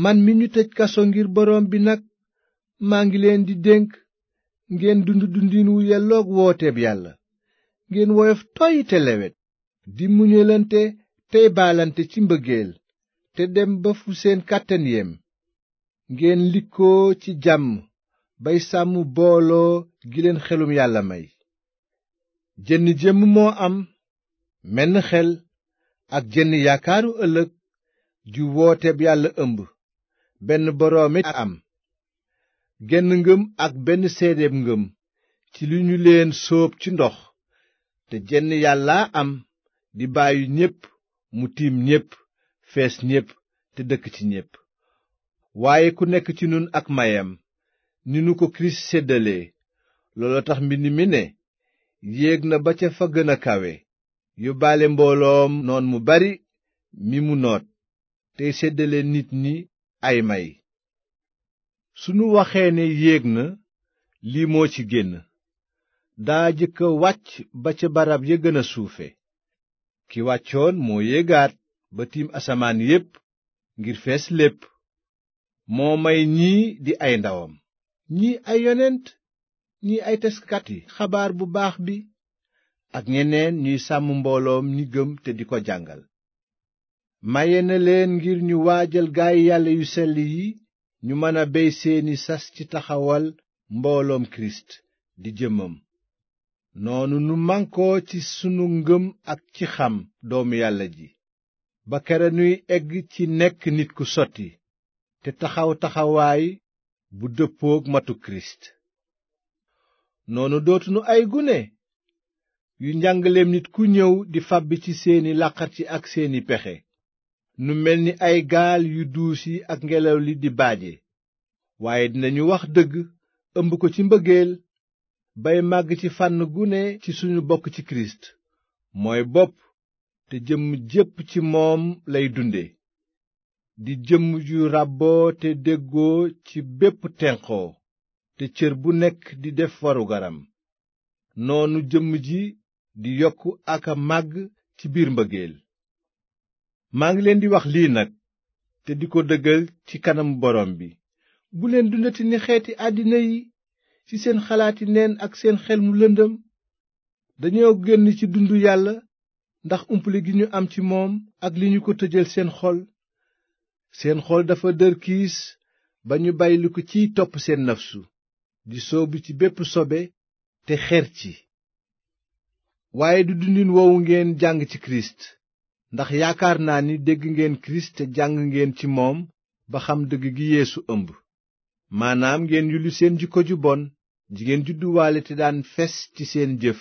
man mi ñu tëj kaso ngir borom bi nag maa ngi leen di dénk ngeen dund dundin wu yelloog wooteeb yàlla ngeen woyof toy te lewet di muñalante tey baalante ci mbëggeel te dem ba fu seen kàttan yem ngeen likkoo ci jàmm bay sàmm booloo gi leen xelum yàlla may jenn jëmm moo am menn xel ak jenn yaakaaru ëllëg ju wooteeb yàlla ëmb benn boroomi am genn ngëm ak benn seedeeb ngëm ci li ñu leen sóob ci ndox te jenn yàlla am di bàyyi ñépp mu tiim ñépp fees ñépp te dëkk ci ñépp waaye ku nekk ci nun ak mayam ni nu ko kirist séddalee looloo tax mbind mi ne yéeg na ba ca fa gën a kawe yóbbaale mbooloom noon mu bari mi mu noot tey séddale nit ñi ay may sunu waxee ne yéeg na lii moo ci génn daa jëkk a wàcc ba ca barab ya gën a suufe ki wàccoon moo yéegaat ba tiim asamaan yépp ngir fees lépp moo may ñii di ay ndawam ñii ay yonent ñii ay teskati xabaar bu baax bi ak ñeneen ñuy sàmm mbooloom ñi gëm te di ko jàngal maye na leen ngir ñu waajal gaay yàlla yu sell yi ñu mën a bey seeni sas ci taxawal mbooloom kirist di jëmmam noonu nu mànkoo ci sunu ngëm ak ci xam doom yàlla ji ba kere nuy egg ci nekk nit ku sotti te taxaw taxawaay bu dëppook matu kirist noonu dootunu ay gune yu njàngaleem nit ku ñëw di fab ci seeni làqarci ak seeni pexe nu mel ni ay gaal yu duus yi ak ngelaw li di baaje waaye dinañu wax dëgg ëmb ko ci mbëggeel bay màgg ci fànn gu ne ci suñu bokk ci kirist mooy bopp te jëmm jépp ci moom lay dunde di jëmm ju ràbboo te déggoo ci bépp tenqoo te cër bu nekk di def warugaram noonu jëmm ji di yokk ak a màgg ci biir mbëggeel maa ngi leen di wax lii nag te di ko dëggal ci kanamu borom bi bu leen dundati ni xeeti àddina yi ci seen xalaati nen ak seen xel mu lëndëm dañoo génn ci dundu yàlla ndax umpale gi ñu am ci moom ak li ñu ko tëjal seen xol seen xol dafa dër kiis ba ñu bàyyi li ko ciy topp seen nafsu di soobu ci bépp sobe te xer ci waaye du dundin woowu ngeen jàng ci kirist ndax yaakaar naa ni dégg ngeen kirist te jàng ngeen ci moom ba xam dëgg gi yéesu ëmb maanaam ngeen yulli seen jikko ju bon ji ngeen judduwaale te daan fes ci seen jëf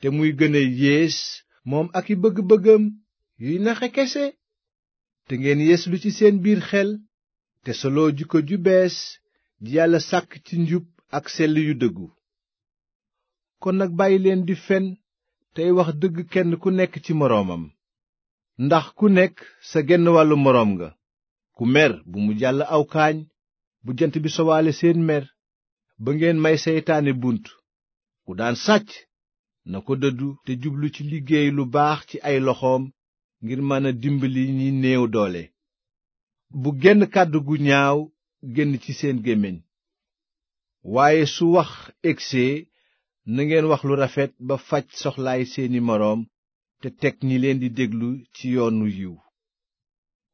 te muy gën a yées moom ak i bëgg-bëggam yuy naxe kese te ngeen yeeslu ci seen biir xel te solo jikko ju bees ji yàlla sàkk ci njub ak sell yu dëggu kon nag bàyyi leen di fen tey wax dëgg kenn ku nekk ci moroomam ndax ku nekk sa genn wàllu moroom nga ku mer bu mu jàll aw kaañ bu jant bi sowaale seen mer ba ngeen may seytaane bunt ku daan sàcc na ko dëddu te jublu ci liggéey lu baax ci ay loxoom ngir mën a dimbali ñi néew doole bu genn kàddu gu ñaaw génn ci seen gémmiñ waaye su wax egsee na ngeen wax lu rafet ba faj soxlaay seeni moroom te teg ñi leen di déglu ci yoonu yiw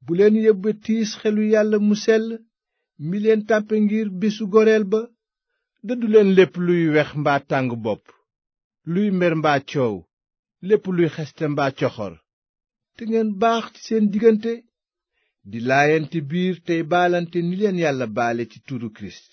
bu leen yóbbe tiis xelu yàlla mu sell mi leen tàmpe ngir bésu goreel ba dëddu leen lépp luy wex mbaa tàng bopp luy mer mbaa coow lépp luy xeste mbaa coxor te ngeen baax ci seen diggante di laayante biir tey baalante ni leen yàlla baale ci turu kirist